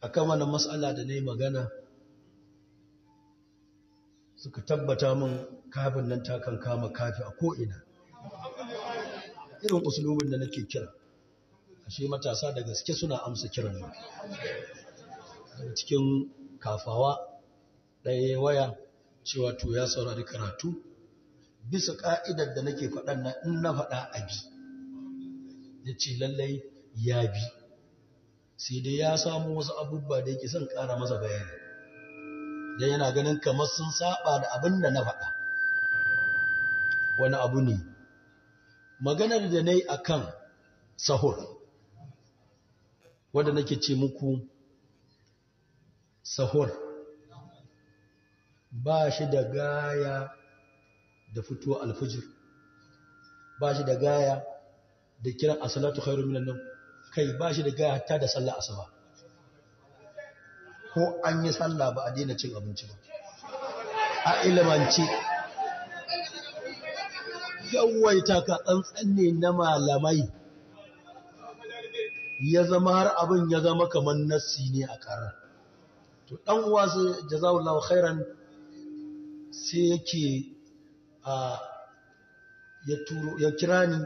akan wannan matsala da na yi magana suka tabbata min kafin nan ta kan kama kafi a ko'ina irin usulubin da nake kira ashe matasa da gaske suna amsa kiran nan daga cikin kafawa ɗaya waya cewa to ya saurari karatu bisa ƙa'idar da nake faɗan na in na faɗa abi ya ce lallai ya bi sai dai ya samu wasu abubuwa da yake son ƙara masa bayani dan yana ganin kamar sun saba da abin da na faɗa wani abu ne maganar da na yi a kan sahur wadda nake ce muku sahur ba shi da gaya da fito alfijir ba shi da gaya da kiran asalatu khairu minan nan kai ba shi da gaya hatta da sallah asuba ko an yi sallah ba a daina cin abinci ba a ilimance yawaita ka tsantsanne na malamai ya zama har abin ya zama kamar nassi ne a ƙara. to ɗan uwa su jazawullahu khairan sai yake a ah, ya ya kira ni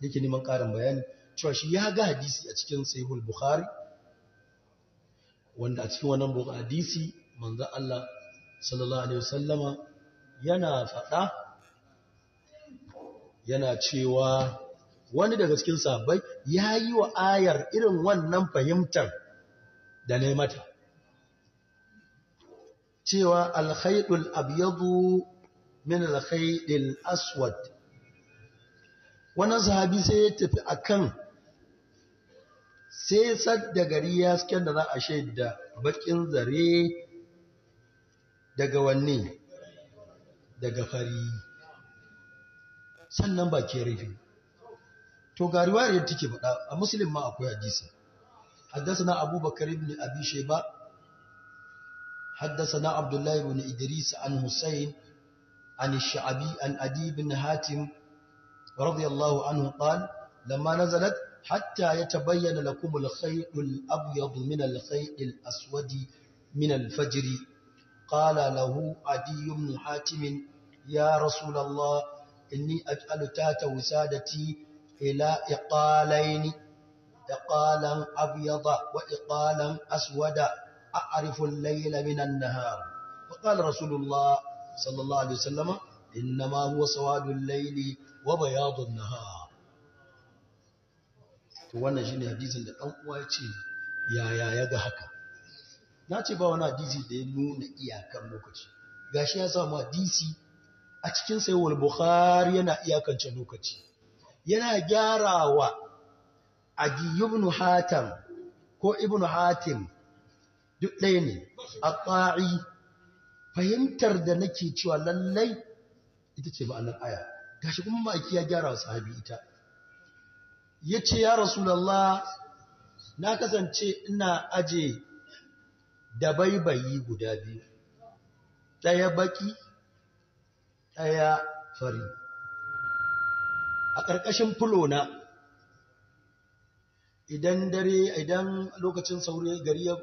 yake neman ƙarin bayani cewa shi ya ga hadisi a cikin sahihul bukhari wanda a cikin wannan bukhari hadisi manzon Allah sallallahu alaihi wasallama yana faɗa yana cewa wani daga cikin sahabbai ya yi wa ayar irin wannan fahimtar da ne mata cewa alhaidul abyadu min alhaidul aswad wannan sahabi sai ya tafi akan sai sad da gari ya suken da za a shaida bakin zare daga wanne daga fari sannan ba ke rufe to gari wariyar take faɗa a musulun ma akwai hadisi haddasa abubakar ibn abi sheba haddasa na abdullahi ibn idris an husayn عن an عن أدي بن هاتم رضي الله عنه قال لما نزلت حتى يتبين لكم الخيط الأبيض من الخيط الأسود من الفجر قال له عدي بن حاتم يا رسول الله إني أجعل تات وسادتي إلى إقالين إقالا أبيض وإقالا أسودا أعرف الليل من النهار فقال رسول الله صلى الله عليه وسلم إنما هو سواد الليل وبياض النهار Wannan shi ne hadisin da ɗan'uwa uwa ce yaya ya ga haka na ce ba wani hadisi da ya nuna iyakan lokaci gashi ya samu hadisi a cikin sayuwar buhari yana iyakance lokaci yana gyarawa a ibn hatam ko ibn hatim duk ɗaya ne a ƙa'i fahimtar da nake cewa lallai ita ce nan aya gashi kuma ma'aiki ya gyara wa sahabi ita ya ce ya rasulallah na kasance ina aje da baibayi guda biyu ɗaya baki ɗaya fari a ƙarƙashin fulona idan dare idan lokacin sauri gari ya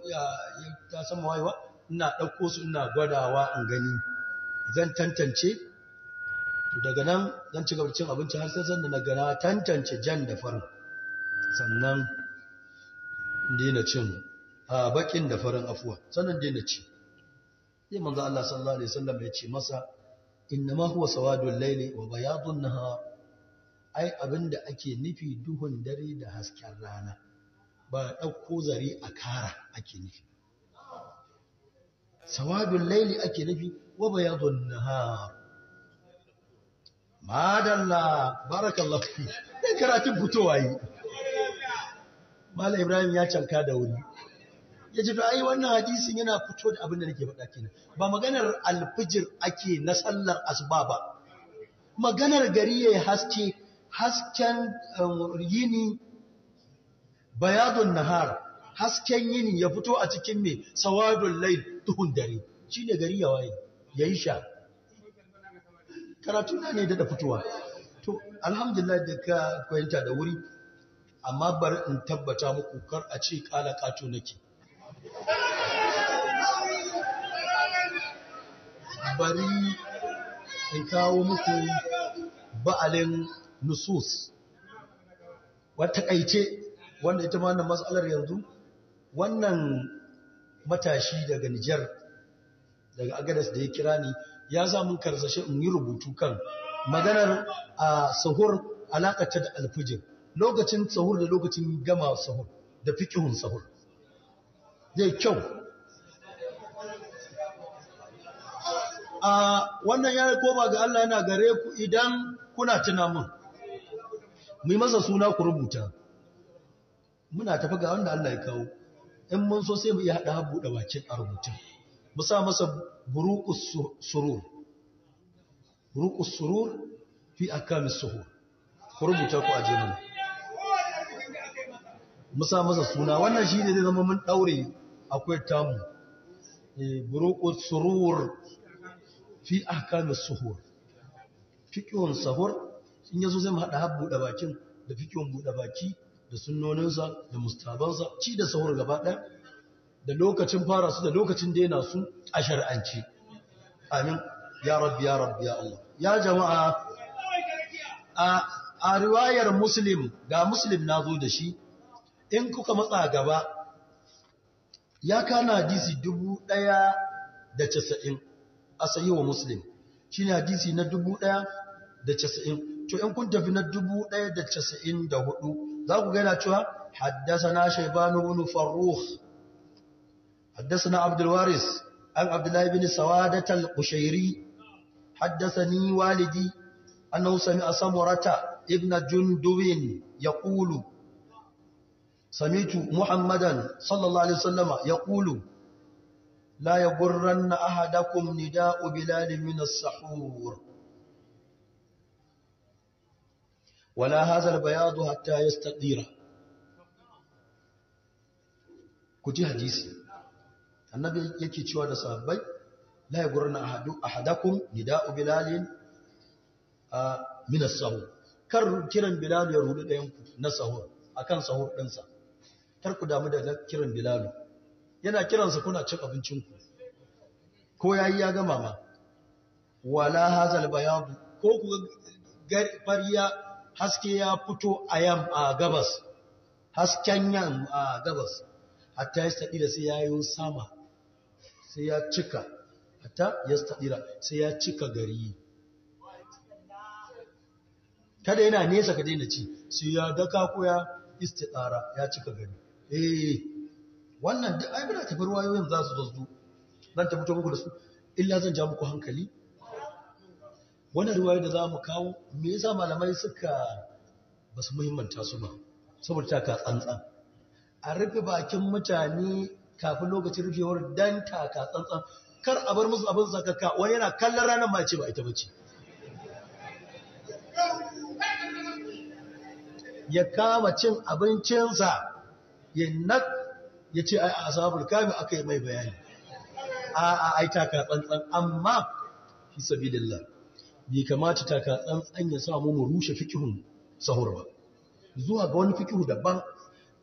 ta sama wayewa ina ɗauko su ina gwadawa in gani zan tantance to daga nan zan ci gaba abinci har sai sanda na gana tantance jan da farin sannan daina cin a bakin da farin afuwa sannan daina ci sai manzo Allah sallallahu alaihi wasallam ya ce masa Inna ma huwa sawadul layli wa bayadun nahar ai abinda ake nufi duhun dare da hasken rana ba ɗauko zari a kara ake nufi sawadul layli ake nufi wa bayadun nahar madalla barakallah fi karatun fitowa yi Mala Ibrahim ya canka da wuri ya ce ai wannan hadisin yana fito da abin da nake faɗa kenan ba maganar alfijir ake na sallar asuba ba maganar gari yi haske hasken um, yini bayadun nahar hasken yini ya fito a cikin mai sawadun lai tuhun dare shine gari ya waye yi sha karatu na ne da fitowa to alhamdulillah da ka koyanta da wuri amma bari in tabbata muku kar a ce kala kato nake bari in kawo muku ba'alin nusus wata kaice wanda ita ma wannan matsalar yanzu wannan matashi daga Nijar daga Agadas da ya kira ni ya za mun karzashe in yi rubutu kan maganar a sahur alakata da alfijir lokacin sahur da lokacin gama sahur da fikihun sahur zai kyau a wannan ya koma ga Allah yana gare ku idan kuna tuna mun mu masa suna ku rubuta muna tafi ga wanda Allah ya kawo in mun so sai mu iya haɗa buɗe bakin a rubutun mu sa masa buruƙus surur fi a kamis akamis suhur ku rubuta ku aje mana mu sa masa suna wannan shi ne zai zama mun ɗaure akwai tamu eh, buruƙus surur fi akamis suhur fiqhun sahur in yazo zai mu haɓu da bakin da fiqhun buɗe baki da sunnoninsa da mustabansa ci da sahur gaba ɗaya da lokacin fara su da lokacin daina su a shar'anci amin ya rabbi ya rabbi ya Allah ya jama'a a a riwayar muslim ga muslim na zo da shi in kuka matsa gaba ya kana hadisi dubu ɗaya da casa'in a sayi wa muslim shi ne hadisi na dubu ɗaya da casa'in to in kun tafi na dubu ɗaya da casa'in da hudu za ku gaina cewa haddasa na shaibanu wani faruk. حدثنا عبد الوارث عن عبد الله بن سوادة القشيري حدثني والدي أنه سمع سمرة ابن جندب يقول سمعت محمدا صلى الله عليه وسلم يقول لا يغرن أحدكم نداء بلال من السحور ولا هذا البياض حتى يستقير كتير حديثي annabi yake cewa da sahabbai la yagurna ahadu ahadakum nida'u bilalin min as-sahur kar kiran bilal ya rudu da yanku na sahur akan sahur ɗinsa kar ku damu da kiran bilal yana kiran kiransa kuna cin abincin ku ko yayi ya gama ma wala hazal bayadu ko ku fariya haske ya fito a yam a gabas hasken yam a gabas hatta ya sadi da sai yayin sama sai ya cika ya stadira sai ya cika gari kada yana nesa ka daina ci sai ya daka ko ya istidara ya cika gari eh wannan duk ai muna tafi ruwayoyin za su zo zan ta fito muku da su illa zan ja muku hankali wannan ruwayo da za mu kawo me yasa malamai suka ba su muhimmanta su ba saboda ta ka tsantsan a rufe bakin mutane kafin lokacin rufewar dan taka tsantsan kar a bar musu abin zakaka wani yana kallon ranar ma ce ba ita bace ya kama cin abincinsa ya nak ya ce a asabar kami aka yi mai bayani a a ai taka tsantsan amma fi sabilillah bai kamata taka tsantsan ya samu mu rushe fikihun sahur ba zuwa ga wani fikihu daban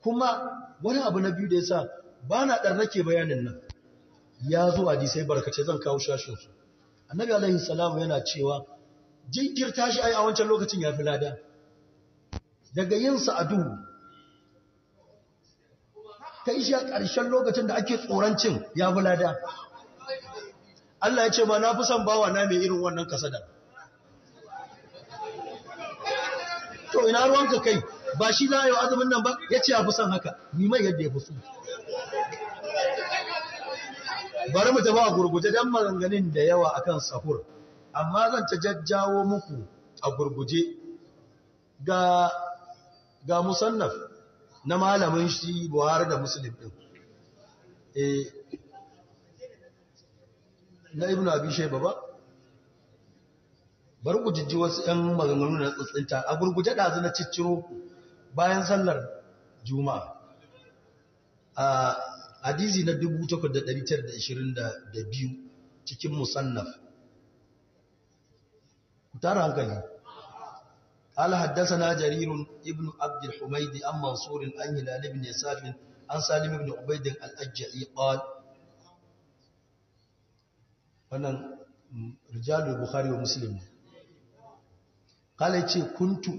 kuma wani abu na biyu da ya sa. ba na ɗan rake bayanin nan ya zo a sai barkace zan kawo shashinsu su annabi alaihi salamu yana cewa ta shi a wancan lokacin ya fi lada daga yin sa'adu, ta duhu shi a ƙarshen lokacin da ake tsoron cin ya fi lada Allah ya ce ma na fi son bawa na mai irin wannan kasada to ina ruwanka kai ba shi layo azumin nan ba ya ce ya fi son haka ni mai yadda ya fi so bari mu tafi a gurguje don maganganun da yawa akan sahur amma zan ta jajjawo muku a gurguje ga ga musannaf na malamin shi buhari da muslim din eh, na ibn abi shaiba ba bari ku jijji wasu 'yan maganganu na tsintsinta a gurguje ɗazu na cicciro bayan sallar juma'a a hadizi na 8922 cikin musannaf ku tara hankali قال حدثنا جرير ابن عبد الحميد عن منصور عن هلال بن يساف عن سالم بن عبيد الأجعي قال wannan rijalul Buhari wa muslim kala ce kuntu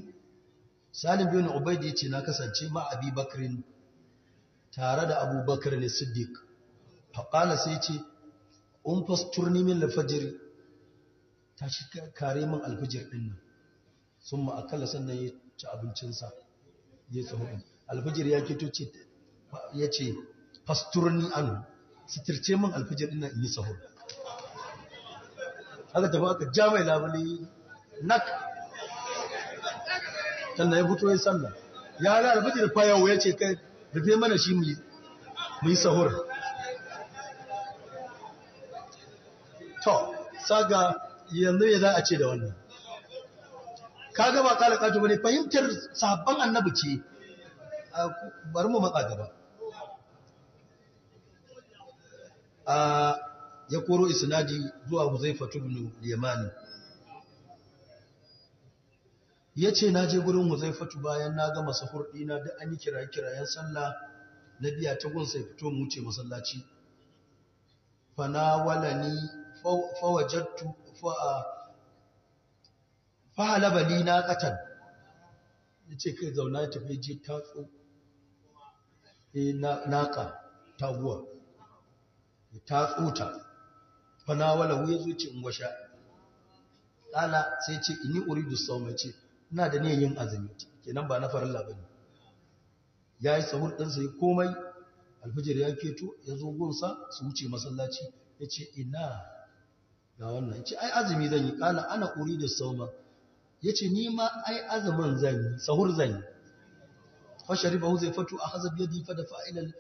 salim bin ubaidi ce na kasance ma abi tare da abubakar ne siddiq faƙala sai ce un fasturni min lafajir ta shi kare min alfajir ɗin nan sun akalla sannan ya ci abincinsa ya tsoho alfajir ya keto ce ya ce ni an sitirce min alfajir ɗin nan in yi tsoho Haka tafi aka ja mai labule nak sannan ya fito ya sannan ya hada alfajir fa ya ce kai rufe mana shi mu yi sahur to saga yanzu ya za a ce da wannan Ka gaba kala kato bane fahimtar sabon annabi ce bari mu matsa gaba ya koro isnadi zuwa huzaifatu ibn yamani ya ce na je gurin huzaifatu bayan na gama sahur dina da an yi kiraye-kirayen sallah na biya ta gunsa ya fito mu ce masallaci wala fa fawajattu halabali eh, na katan ya ce kai zauna tafi e na naka taguwa ya tatso ta wala wuya zuci in gwasha ƙala sai ce ini uridu sau mai ce ina da niyan yin azumi kenan ba na farilla ne. ya yi sahur ɗansa ya komai alfijir ya keto ya zo gunsa su wuce masallaci ya ce ina ga wannan ya ce ai azumi zan yi ƙala ana ƙuri da sauma ya ce ni ma ai azumin zan yi sahur zan yi fashari ba zai fato a hazab yadda fa da fa'ilal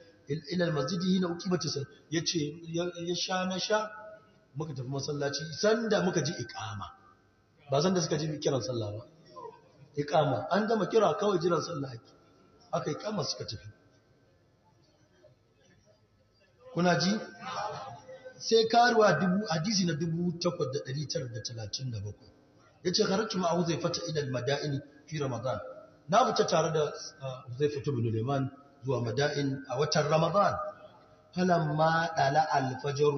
ilal masjidi hina uki mata ya ce ya sha na sha muka tafi masallaci sanda muka ji ikama ba sanda suka ji kiran sallah ba iqama an gama kira kawai jiran sallah ake aka iqama suka tafi kuna ji sai karuwa hadisi na 8937 yace kharajtu ma huzaifata ila al-mada'in fi ramadan na fita tare da ah, fito bin liman zuwa mada'in a watan ramadan ma dala al-fajr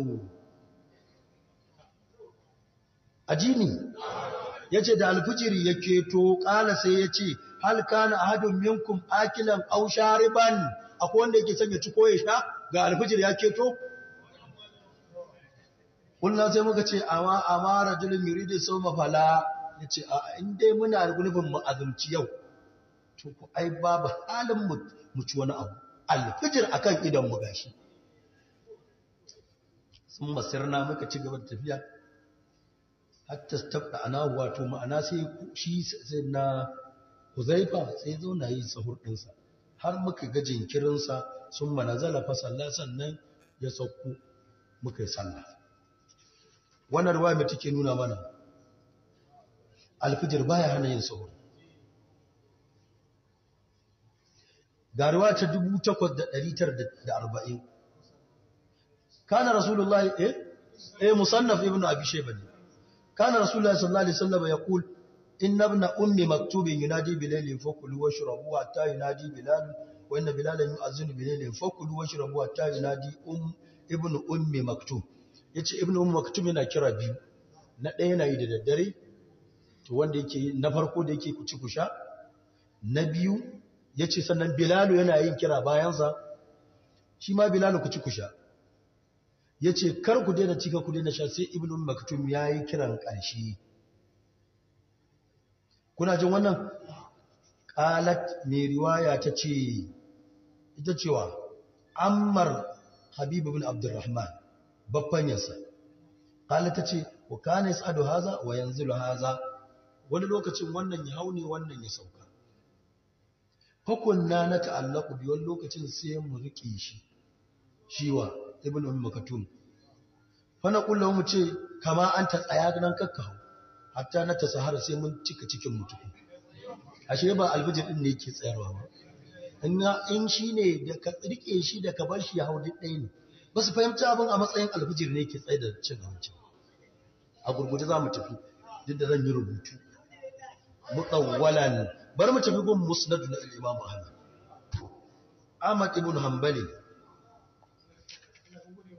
ajini yace da alfijiri ya keto ƙala sai yace hal kana ahadun minkum akilan aw riban? akwai wanda yake son ya ci ko ya sha ga alfijir ya keto kullum sai muka ce jirgin amma rajulun sau mafala ya ce a in dai muna da mu azumci yau to ku ai babu halin mu ci wani abu alfijir akan idan mu gashi sun masirna muka ci gaba da tafiya hatta stabda ana wato ma'ana sai shi na huzaifa sai zauna yi sahur ɗinsa har muka ga jinkirinsa sun manazala fa sallah sannan ya sauko muka yi sallah wannan ruwa mai take nuna mana alfijir baya hana yin sahur ga ruwa ta 8940 kana rasulullahi eh eh musannaf ibnu abi shaybani ne kana rasulullahi sallallahu alaihi wasallam yaqul inna ibn ummi maktubin yunadi bilailin fakulu washrabu hatta yunadi bilal wa inna bilalan yu'azzinu bilailin fakulu washrabu hatta yunadi um ibn ummi maktub yace ibn ummi maktub yana kira biyu na ɗaya yana yi da daddare to wanda yake na farko da yake ku ku sha na biyu yace sannan bilalu yana yin kira bayansa shi ma bilalu ku ku sha ya ce kar ku daina cika ku daina sha sai ibnu maktum ya yi kiran ƙarshe kuna jin wannan ƙalat ne riwaya ta ce ita cewa ammar habibu bin abdurrahman babban yasa ta ce wa kana yas'adu haza wa yanzu haza wani lokacin wannan ya hau ne wannan ya sauka fakunna na ta'allaku wani lokacin sai mu riƙe shi shiwa ibn ummu makatum fa na kullu mu ce kama an ta tsaya nan kakkahu hatta na ta sahara sai mun cika cikin mutum ashe ba albijir din ne yake tsayarwa ba in in shine da ka rike shi da ka bar shi ya hau duk ɗaya ne ba su fahimci abin a matsayin albijir ne ke tsaye da cin abinci a gurguje za mu tafi duk da zan yi rubutu mutawwala ne bar mu tafi gun musnad na imam ahmad ahmad ibn hanbali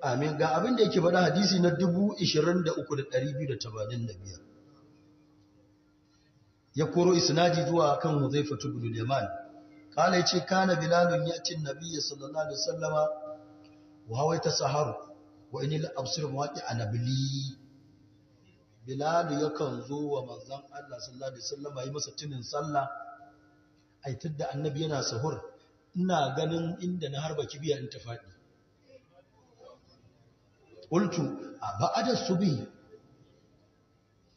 amin ga abin da yake faɗa hadisi na 23285 ya koro isnadi zuwa kan Huzaifa ibn al-Yaman kala yace kana bilalun yatin nabiyyi sallallahu alaihi wasallama wa hawa tasaharu wa inil absir waqi anabli bilal yakan zo wa manzon Allah sallallahu alaihi wasallama yi masa tunin sallah ai tidda annabi yana sahur ina ganin inda na harba kibiya in ta qultu ba'da subhi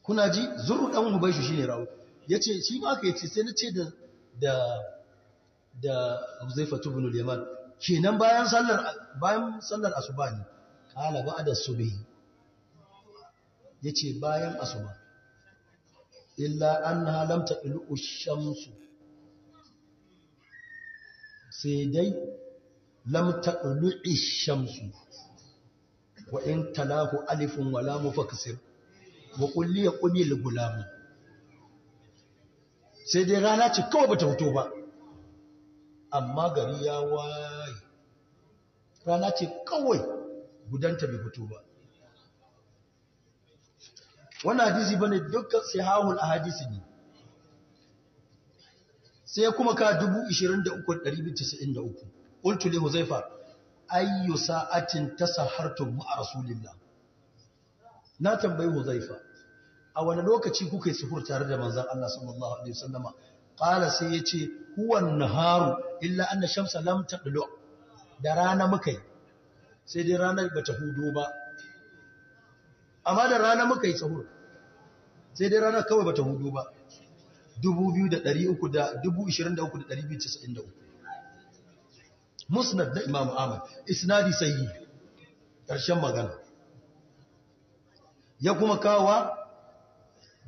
kuna ji ɗan zurru shi ne shine Ya ce shi ba ka yi ce sai na ce da da da Huzaifatu ibn al-Yaman kenan bayan sallar bayan sallar asuba ne qala ba'da Ya ce bayan asuba illa annaha lam taqilu shamsu sai dai lam taqilu shamsu wa in talahu alifun wala mufaksir wa ya kulli gulamu sai dai rana ce kawai bata fito ba amma gari ya waye rana ce kawai gudanta bai fito ba wannan hadisi bane dukkan sihahul ahadisi ne sai kuma ka 23293 qultu li huzaifa ayyu sa'atin tasahartum a rasulillah na tambayi Huzaifa a wani lokaci kuka yi sufur tare da manzan Allah sallallahu alaihi dama, qala sai yace huwa naharu illa anna shamsa lam taqlu da rana muka yi sai dai rana bata hudo ba amma da rana muka yi suhur sai dai rana kawai bata hudo ba 2393 musnad da imamu ahmad isnadi sayyi ƙarshen magana ya kuma kawa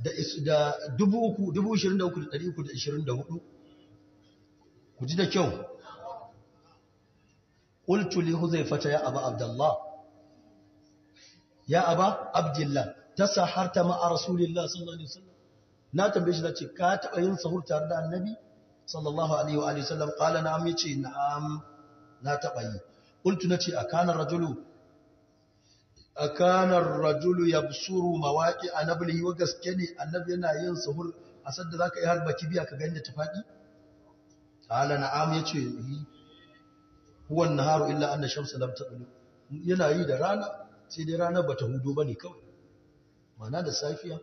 da 23,324 ku ji da kyau ƙultu li huzaifata ya aba abdullah ya aba abdullah ta saharta ma'a rasulillah sallallahu alaihi wasallam na tambaye shi da ce ka taɓa yin sahur tare da annabi sallallahu alaihi wa sallam ƙala na amince na'am na taɓa yi ƙultu na ce a kanar rajulu ya suru mawaƙi a yi wa gaske ne annabi yana yin suhur a sadda za ka yi harba biya ka gani da ta faɗi ƙala na'am ya ce yi huwan na haru illa an na shamsu lam ta yana yi da rana sai dai rana ba ta hudu ba ne kawai mana da safiya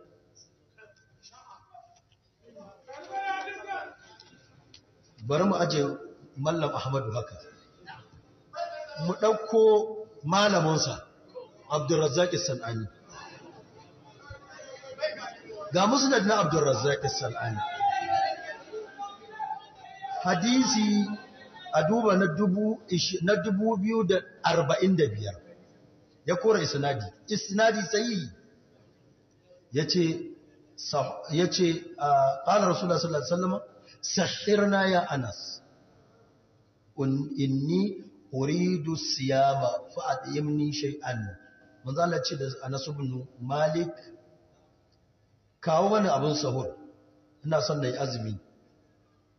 bari mu aje mallam ahmadu haka mu ɗauko malamansa abdurrazzaki sal'ani ga musnad na abdurrazzaki sal'ani hadisi a duba na dubu biyu da arba'in da biyar ya kora isnadi isnadi sahihi ya ce ya ce a ƙanar rasulullah sallallahu alaihi wasallam sahirna ya anas inni uridu siyama fa atyimni shay'an manzo Allah ce da Anas ibn Malik kawo mana abin sahur ina son nayi azumi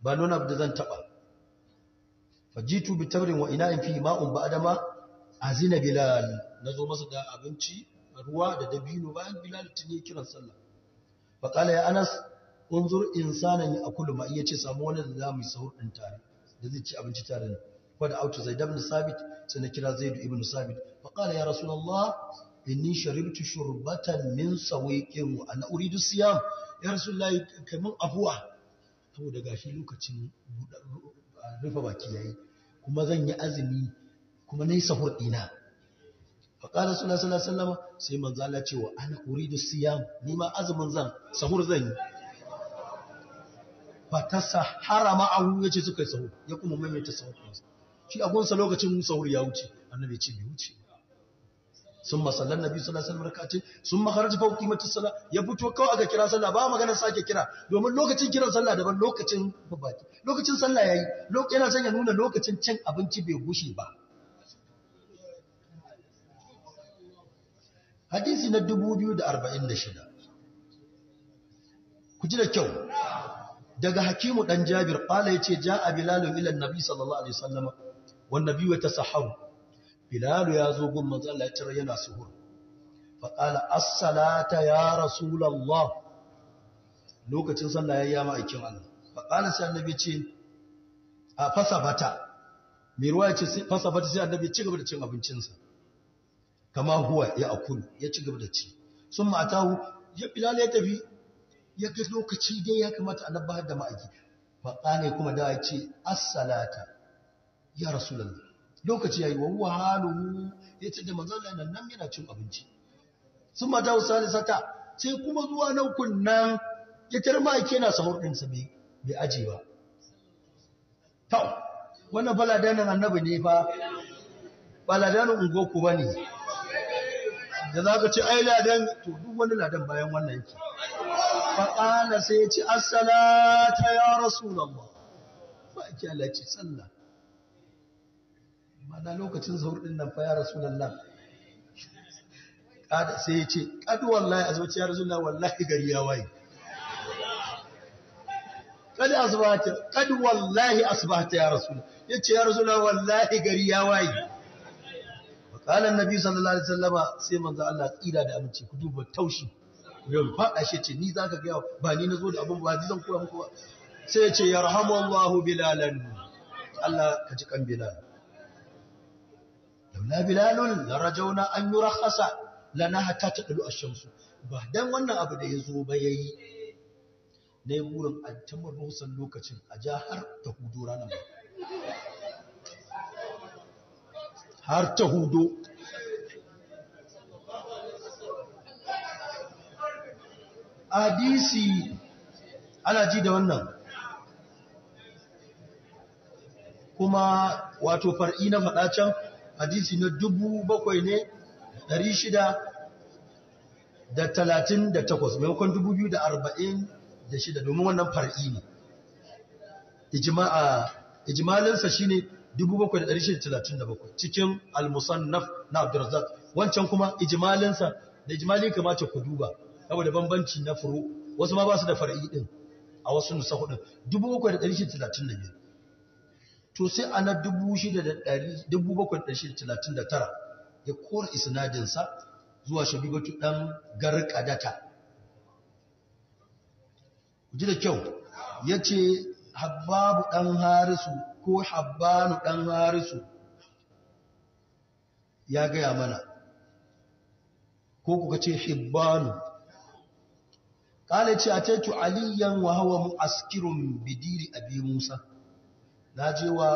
ba nuna da zan taba fajitu bi tamrin wa ina'in fi ma'un ba adama azina bilal nazo masa da abinci ruwa da dabino bayan bilal tuni kiran sallah fa qala ya Anas unzur insanan ya akulu ma iyace samu wani da zamu sahur din tare da zai ci abinci tare ne auta zai zaid ibn sabit sai na kira Zaidu ibn sabit fa kala ya rasulullah inni sharibtu shurbatan min sawiqin wa ana uridu siyam ya rasulullah kai mun afuwa da gashi lokacin rufe baki yayi kuma zan yi azumi kuma nayi sahur dina fa qala sallallahu alaihi wasallam sai manzo Allah cewa a ana uridu siyam ni ma azumin zan sahur zan yi fa sahara ma'ahu yace suka yi sahur ya kuma maimaita sahur shi a gonsa lokacin sauri ya wuce annabi ce bai wuce sun masallan nabi sallallahu alaihi wasallam rakatin sun makaranta fauki mata sallah ya fito kawai aka kira sallah ba magana sake kira domin lokacin kiran sallah daban lokacin babaki lokacin sallah yayi yana son ya nuna lokacin cin abinci bai gushe ba hadisi na 2046 ku ji da kyau daga hakimu dan jabir qala yace ja'a bilal ila nabi sallallahu alaihi wasallam wannan biyu ta saharu bilalu ya zo gun manzo Allah yana suhur fa qala as-salata ya rasulullah lokacin sallah ya yama aikin Allah fa qala sai annabi ce a fasafata mai ruwa ya ce fasafata sai annabi ya ci gaba da cin abincinsa kama huwa ya akulu ya ci gaba da ci sun ma'atahu ya bilal ya tafi ya ga lokaci dai ya kamata a nabbar da ma'aiki faƙane kuma da ce asalata. ya rasulallah lokaci ya yi wa ya ce da "Mazalla nan nan yana cin abinci sun mata sata sai kuma zuwa na nan, ya tarma ake na sahur sa bai aji ba to wannan baladanan annabi ne fa baladanan ungo ku ne. da za ka ci ai ladan to duk wani ladan bayan wannan yake faƙala sai ya ci, assalata ya rasulallah ba ake halarci sallah Mana lokacin zuhur din nan fa ya rasulullah kada sai ya ce kad wallahi a zuciya rasulullah wallahi gari ya waye kad asbahta kad wallahi asbahta ya rasul yace ya rasulullah wallahi gari ya waye qala annabi sallallahu alaihi wasallama sai manzo Allah tsira da aminci ku duba taushi yau faɗa shi ce ni zaka ga ba ni nazo da abun ba ni zan koya muku ba sai ya ce yarhamu Allahu bilalan Allah ka ji kan bilal Na bilalun la rajauna an yurakhasa lana hatta tadlu ash-shamsu ba dan wannan abu da yazo ba yayi Na burin wurin tamar rusan lokacin a ja har ta hudo ranar ba har ta hudo. hadisi ana ji da wannan kuma wato far'i na faɗa can hadisi na dubu bakwai ne ɗari shida da talatin da takwas maimakon dubu biyu da arba'in da shida domin wannan far'i ne ijimalinsa shi ne dubu bakwai da ɗari shida talatin da bakwai cikin almusannaf na abdurrazzak wancan kuma ijimalinsa da ijimalin kamata ku duba da bambanci na furu wasu ma ba su da far'i din a wasu nusa hudun dubu bakwai da ɗari shida talatin da biyu. to sai a na 7,639 ya kora isnadinsa zuwa shabibatu ɗan garkadata ji da kyau ya ce habbabu ɗan harisu ko habbanu ɗan harisu ya gaya mana ko kuka ce hibbanu ƙala ce a teku aliyan wa hawa mu askirun bidiri abi musa na je wa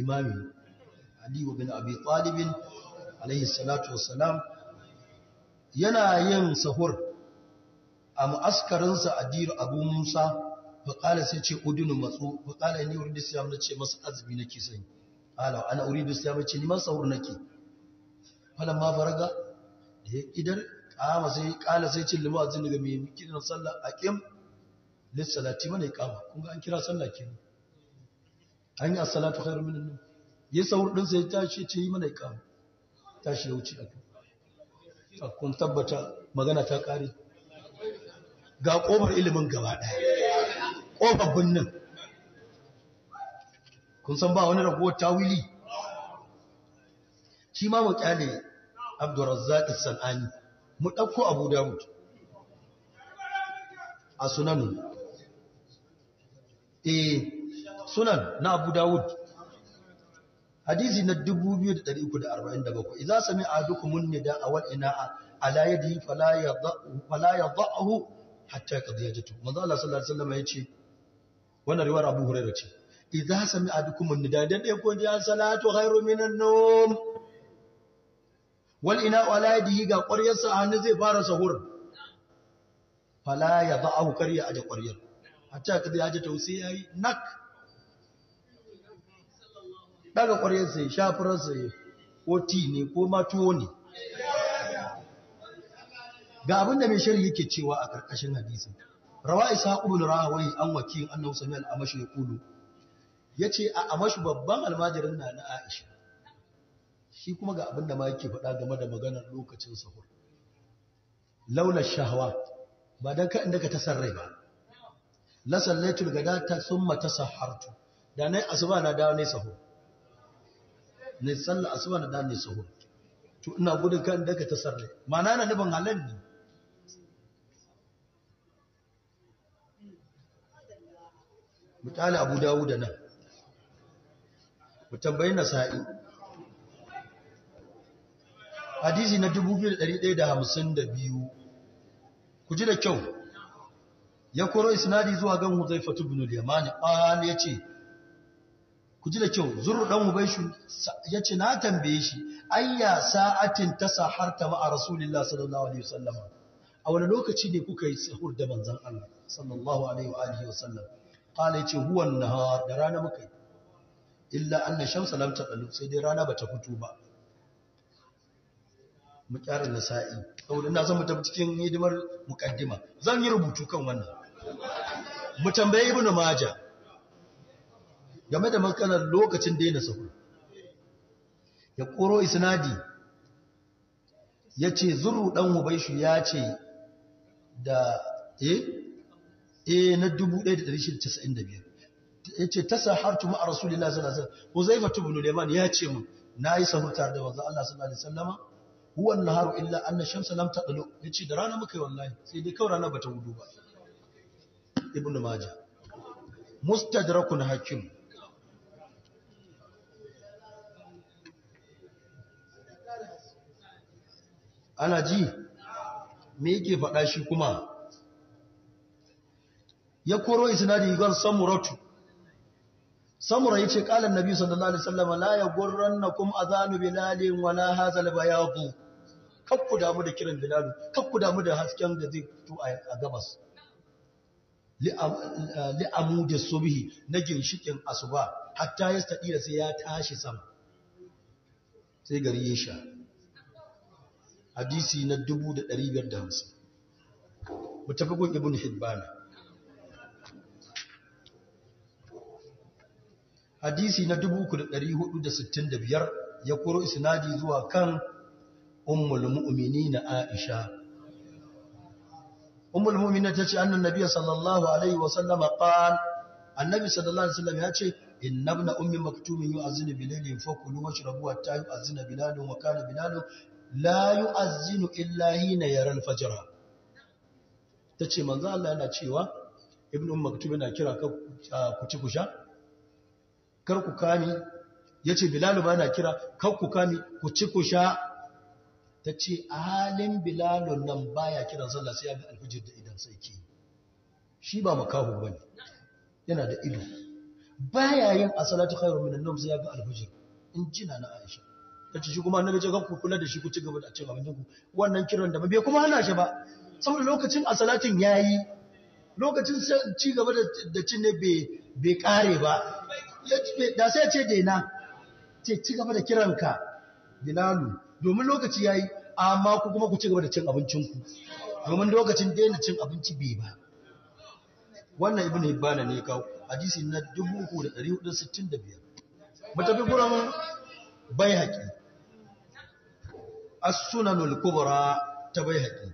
imami aliyu bin abi talibin alayhi salatu wassalam yana yin sahur a mu'askarinsa a dira abu musa faƙala sai ce udunu matsu faƙala ni wurin siyam na ce masa azumi nake sai ala ana uridu siyam ce ni masa sahur nake falan ma faraga da ya idar kama sai ƙala sai ce limu azumi daga mai kiran sallah a kim lissalati mana ya kun ga an kira sallah kenan an yi assalatu khairu min an ya sahur din sai tashi ce yi mana ikam tashi ya wuce a kun tabbata magana ta kare ga kofar ilimin gaba daya kofar binnin kun san ba wani ragowar tawili shi ma mu kyale abdurrazzaq sanani mu ɗauko abu dawud a sunanu eh sunan na abu dawud hadisi na 2347 idza sami'a ahadukum an-nida awal ina'a ala yadihi fala yadha'u fala yadha'u hatta yaqdi yajatu manzo Allah sallallahu alaihi wasallam yace wannan riwayar Abu Hurairah ce idza sami'a ahadukum an-nida dan dai ko ya salatu khairu minan nawm wal ina'u ala yadihi ga ƙwaryar sa hannu zai fara sahur fala ya ba'ahu kar ya ƙwaryar hatta ka zai aje tausi yayi nak daga ƙwaryar sai shafarar sai ko ne ko matuwo ne ga abinda mai shirin yake cewa a ƙarƙashin hadisi rawa isa rawa rahawai an waki an sami al al'amashi ya ya yace a amashi babban almajirin na na Aisha shi kuma ga abin da ma yake faɗa game da maganar lokacin sahur laula shahawa ba don ka inda ka sarrai ba la gada gadata summa hartu, da nai asuba na dawo ne sahur ne sallah asuba na dane sahur to ina gudun kan daga tasarre Mana na nufin halal ne mutala abu dawud nan mu tambayi nasa'i hadisi na 2152 ku ji da kyau ya koro isnadi zuwa gan huzaifatu ibn al-yamani ya yace ku ji da kyau zurru dan ubaishu ya ce na tambaye shi ayya sa'atin ta saharta ma'a rasulillah sallallahu alaihi wasallam a wani lokaci ne kuka yi sahur da manzon Allah sallallahu alaihi wa alihi wasallam qala yace huwa nahar da rana muka yi illa anna shamsa lam taqalu sai dai rana bata fito ba mu kyarin nasa'i saboda ina zan mu tafi cikin hidimar muqaddima zan yi rubutu kan wannan mu tambaye ibnu majah game da maganar lokacin daina sahur ya koro isnadi ya ce zurru ɗan hubaishu ya ce da e na 1695 ya ce ta sahartu ma'a rasulullah sallallahu alaihi wasallam huzaifa ibn liman ya ce mu na yi sahur tare da wanzan Allah sallallahu alaihi wasallama huwa naharu illa anna shamsa lam tadlu ya ce da rana muka yi wallahi sai dai kawai rana bata gudu ba ibn majah mustadrakun hakim ana ji me yake faɗa shi kuma ya koro isnadi igar samuratu samura yace qala annabi sallallahu alaihi wasallam la a adhanu bilalin wala hadha albayadu kakku damu da kiran bilalu kakku damu da hasken da zai fito a gabas li'amu da subhi na ginshikin asuba hatta ya sai ya tashi sama sai gari ya sha hadisi na dubu da 1550 mu tafi gun ibn hibban hadisi na dubu da da da hudu sittin biyar ya koro isnadi zuwa kan ummul na aisha ummul mu'minina tace annan nabiy sallallahu alaihi wasallam qala annabi sallallahu alaihi wasallam ya ce in nabna ummi maktumin yu'azinu bilailin fakulu washrabu hatta yu'azina bilalun wa kana bilalun la yu'azzinu illahi na yara al Ta ce manzo Allah yana cewa Ibn umm maktub yana kira ka ku ci ku sha kar ku bilal ba na kira kar ku kami ku ci ku sha halin bilalun nan baya kiran sallah sai ya ga da idan sai shi ba makahu bane yana da ido baya yin asalatu khairu minan nawm sai ya ga al in jina na Aisha kace shi kuma annabi ce ga ku kula da shi ku ci gaba da cewa abincin ku wannan kiran da bai kuma hana shi ba saboda lokacin asalatin yayi lokacin ci gaba da cin ne bai bai kare ba da sai ce daina ce ci gaba da kiranka bilalu domin lokaci yayi amma ku kuma ku ci gaba da cin abincin ku domin lokacin daina cin abinci bai ba wannan ibn hibbana ne kawo hadisi na 1465 matafi gurin bai haƙi as-sunanul kubra ta bai haƙi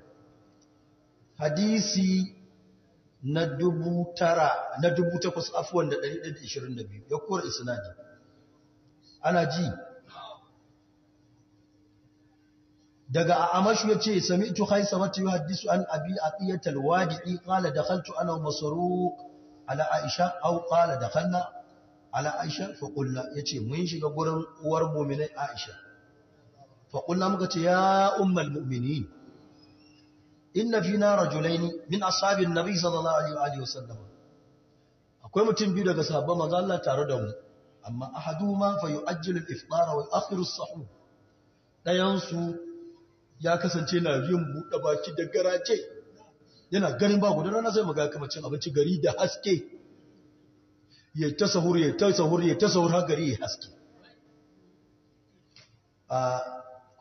hadisi na dubu tara na dubu takwas afuwan da ɗari ɗari ishirin da biyu ya kora isnadi ana ji daga amashu ya ce sami ito haisa mata yi hadisu an abi a ƙiyatar wadi'i ƙala da haltu ana masaru ala aisha au ƙala da hanna ala aisha faƙulla ya ce mun shiga gurin uwar muminin aisha faƙulla muka ce ya ummal mu'minin inna fi na rajulaini min ashabin nabi sallallahu alaihi wa sallam akwai mutum biyu daga sahabban manzo Allah tare da mu amma ahaduhuma fa yu'ajjilu al-ifṭar wa yu'akhiru as-sahur dayan su ya kasance na yin buɗe baki da garaje yana ganin ba gudu na zai muga kamar abinci gari da haske ya ta sahur ya ta sahur ya ta sahur har ya haske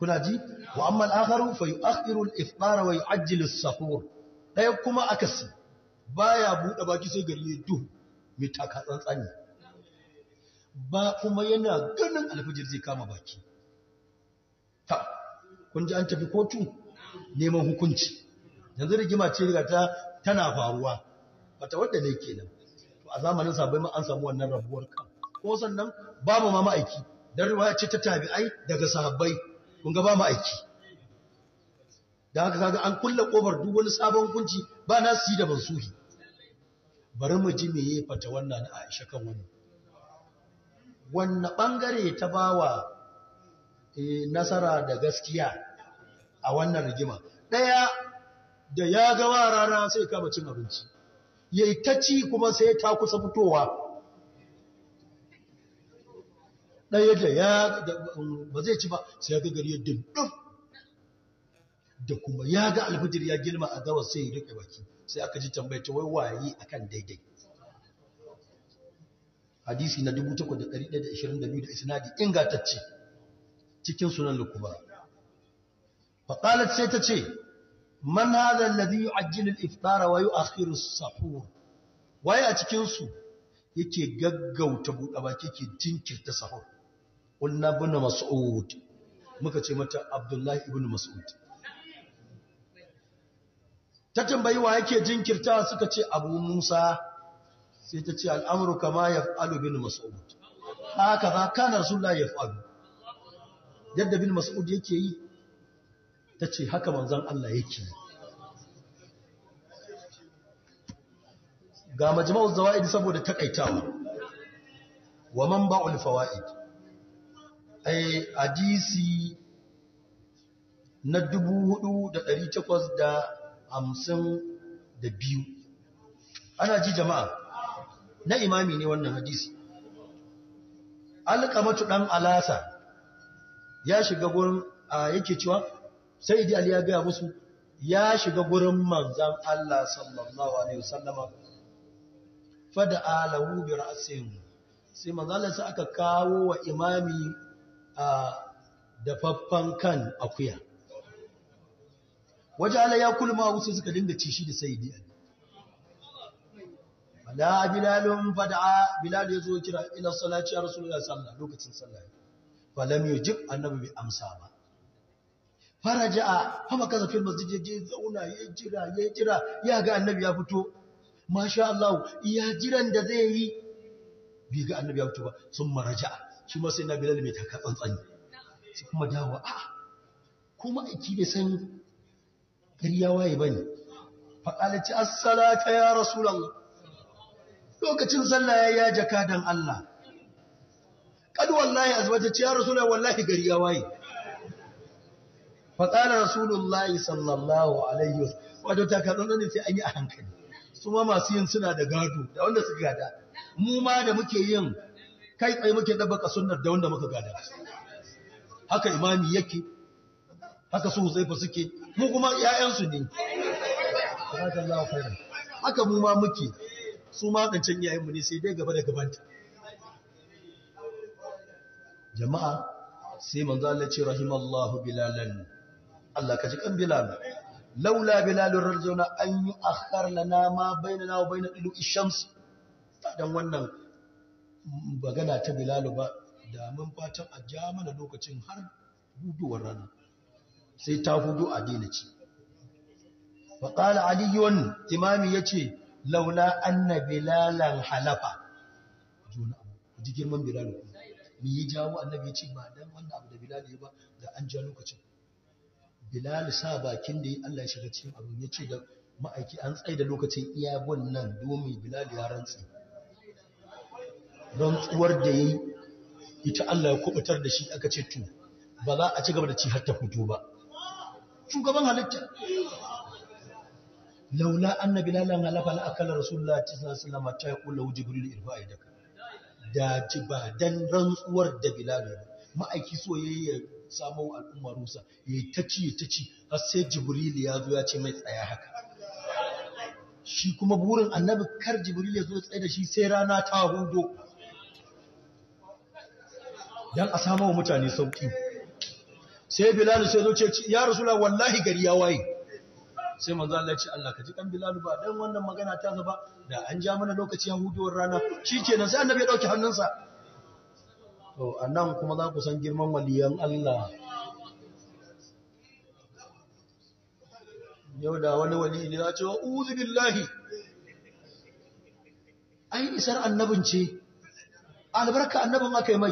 kuna ji wa amma al-akharu fa yu'akhiru al-iftar wa yu'ajjilu as-sahur daya kuma akasi baya bude baki sai gari ya duhu taka tsantsani ba kuma yana ganin alfajir zai kama baki ta kun ji an tafi kotu neman hukunci yanzu rigima ce riga ta tana faruwa bata wadda ne kenan to a zamanin sabai ma an samu wannan rabuwar kan ko sannan babu ma ma'aiki dan riwaya ce ta tabi'ai daga sahabbai kun ga ba mu aiki da haka kaga an kulle kofar duk wani sabon kunci ba na su da mansuhi bari mu ji me ya fata wannan Aisha kan wannan wanne bangare ta bawa eh, nasara da gaskiya a wannan rigima daya da ya ga rana sai kama cin abinci yayi ta ci kuma sai ta kusa fitowa ɗaya da ya um, ba zai ci ba sai ya ga gari ya dindin da kuma ya ga alfijir ya girma a gabas sai ya rike baki sai aka ji tambayta wai wayi akan daidai hadisi na 8122 da isnadi ingantacce cikin sunan lukuba faqalat sai ta ce man hadha alladhi yu'ajjilu al-iftara wa yu'akhiru as-sahur waye a cikin yake gaggauta buɗe baki yake jinkirta sahur qulna ibn mas'ud muka ce mata abdullahi ibn mas'ud ta tambayi wa yake jinkirta suka ce abu musa sai ta ce al'amru kama yaf'alu bin mas'ud haka za kana rasulullahi yaf'alu yadda bin mas'ud yake yi ta ce haka manzon Allah yake yi ga majma'uz zawaid saboda taƙaitawa, wa ba'ul fawaid Eh, hadisi na dubu hudu da da da dari takwas hamsin biyu, ana ji jama'a na imami ne wannan hadisi alƙamatu ɗan alasa ya shiga gurin a yake cewa sai idi ali ya gaya musu ya shiga gurin manzan Allah sallallahu alaihi wasallam fada alahu bi ra'sin sai manzan Allah sai aka kawo wa imami a dafaffen kan akuya waje ala ya kulma wasu suka dinga ci shi da sayidi ali bala bilalun fada'a bilal ya zo kira ila salati ya rasulullah sallallahu lokacin sallah lam yujib annabi bai amsa ba faraja'a fa maka zafi masjid ya je zauna ya jira ya jira ya ga annabi ya fito masha Allah ya jiran da zai yi bai ga annabi ya fito ba sun maraja'a shi ma sai na bilal mai taka tsantsani sai kuma dawo a kuma aiki bai san ya waye ba ne faɗalaci assalata ya rasulallah lokacin sallah ya ya jaka don Allah ƙadu wallahi azbata ce ya rasulallah wallahi gari ya waye faɗalar rasulullahi sallallahu alaihi wasu wajen taka tsantsani sai an yi a hankali su ma masu yin suna da gado da wanda su gada mu ma da muke yin kai tsaye muke dabbaka sunnar da wanda muka gada haka imami yake haka su huzaifa suke mu kuma ƴaƴansu ne haka mu ma muke su ma kancan iyayenmu ne sai dai gaba da gabanta jama'a sai manzo Allah ce rahimallahu bilalan Allah ka ji kan bilal laula bilal rajuna an yu'akhkhar lana ma bainana wa bainal shams dan wannan magana ta bilalu ba da mun fatan a ja mana lokacin har guduwar rana sai ta hudu a daina ci faƙala aliyun imami ya ce laula anna bilalan halafa ji girman bilalu mu yi jawo annabi ya ce ba dan wannan abu da bilalu ya ba da an ja lokacin bilalu sa bakin da ya Allah ya shiga cikin abu ya ce da ma'aiki an tsaye da lokacin iya nan domin bilalu ya rantsi rantsuwar da ya yi ita Allah ya kubutar da shi aka ce tu. ba za a ci gaba da ci har ta fito ba shugaban halitta laula annabi lalan halafa la akala rasulullah sallallahu alaihi wasallam ta yaqulu jibril irfa idaka da ba dan rantsuwar da bilal ba ma'aiki so ya samu al'umma rusa ya ta ci ta ci har sai jibril ya zo ya ce mai tsaya haka shi kuma burin annabi kar jibril ya zo ya tsaye da shi sai rana ta hudo don a samu wa mutane sauƙi sai bilalu sai zo ce ya rasula wallahi gari ya waye sai manzo Allah ce Allah ka ji kan bilalu ba dan wannan magana ta zaba da an ja mana lokaci yahuduwar rana shikenan sai annabi ya dauki hannunsa to nan kuma za ku san girman waliyan Allah yau da wani wali ne za ce wa uzu billahi ai isar annabin ce albarka annabin aka yi mai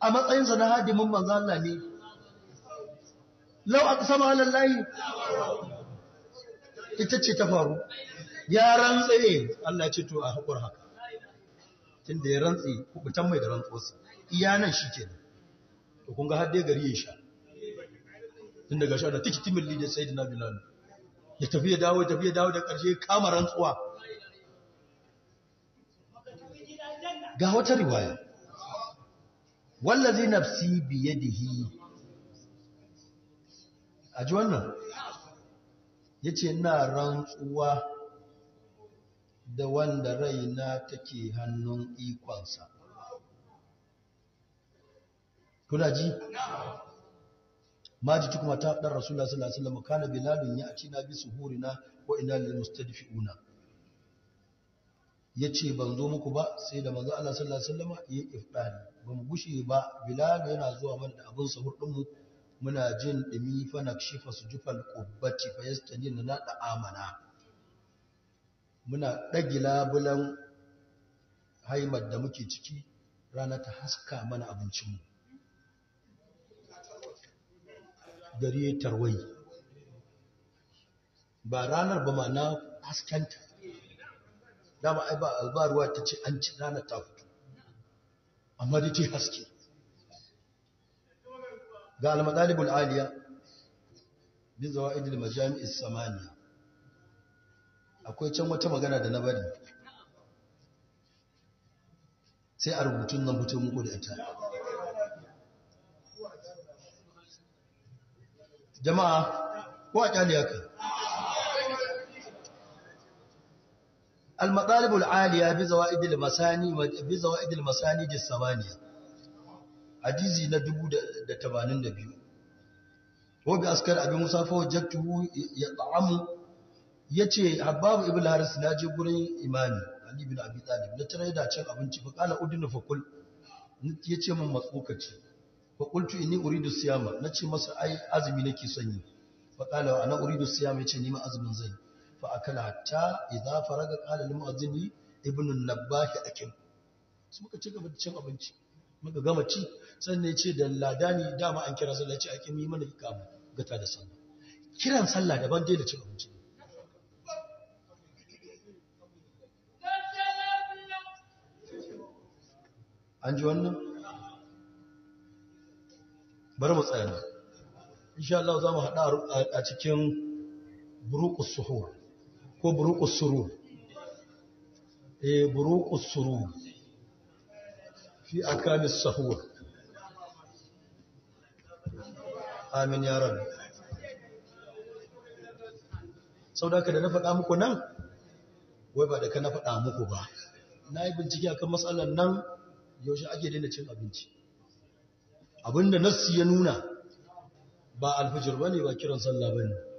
a matsayinsa na hadimin manzo Allah ne lau aqsama ala Allah ita ce ta faru ya rantsaye Allah ya ce to a hakur haka tunda ya rantsi kubutan mai da rantsosa iya nan shikenan to kun ga har dai gari ya sha tun daga sha da tikitimin lidin sayyidina bilal ya tafi ya dawo tafi ya dawo da ƙarshe kama rantsuwa ga wata riwaya wallazi nafsi biyadihi a ji wannan ya ce na rantsuwa da wanda raina take hannun ikonsa kuna ji maji tukuma ta ɗan rasulullah sallallahu alaihi wasallam kana bilalun ya ci na bi suhurina wa ina lil mustadfi'una ya ce ban zo muku ba sai da manzo Allah sallallahu alaihi wasallam ya ifdani ba mu gushe ba bilal yana zuwa mana da abin sahur din mu muna jin dumi fa nakshifa sujufal qubbati fa yastanina na da amana muna dage labulan haimar da muke ciki rana ta haska mana abincinmu gari tarwai ba ranar ba ma na haskanta dama ai ba albaruwa ta ce an ci rana ta fito amma da ce haske ga almadalibul aliya bin zawa idil majami'is samaniya akwai can wata magana da na bari sai a rubutun nan mutum muku da ita jama'a ko a kyale kai المطالب العالية بزوائد المساني بزوائد المساني الثمانية حديثي ندبو دا تمانين نبيو هو بأسكر أبي موسى فوجدته يطعم yace Habbab ibn Haris na je gurin imami Ali ibn Abi Talib na tare da cin abinci fa kana udinu fa kul yace min matsokaci fa qultu inni uridu siyama nace masa ai azumi nake son yi fa kana ana uridu siyama yace ni ma azumin zai fa akala hatta idza faraga qala lil mu'adhdhin ibn an-nabbah su muka ci gaba da cin abinci muka gama ci sannan ya ce da ladani dama an kira sallaci a akim yi mana ikamu gata da sallah kiran sallah daban dai da cin abinci an ji wannan bari mu tsaya insha Allah za mu haɗa a cikin buruqus suhur ko buruqus surur eh buruqus surur fi akamis sahur amin ya rabu sau da na faɗa muku nan wai ba da ka na faɗa muku ba na yi bincike akan matsalar nan yaushe ake daina cin abinci abinda nassi ya nuna ba alfijir ba ne ba kiran sallah ba ne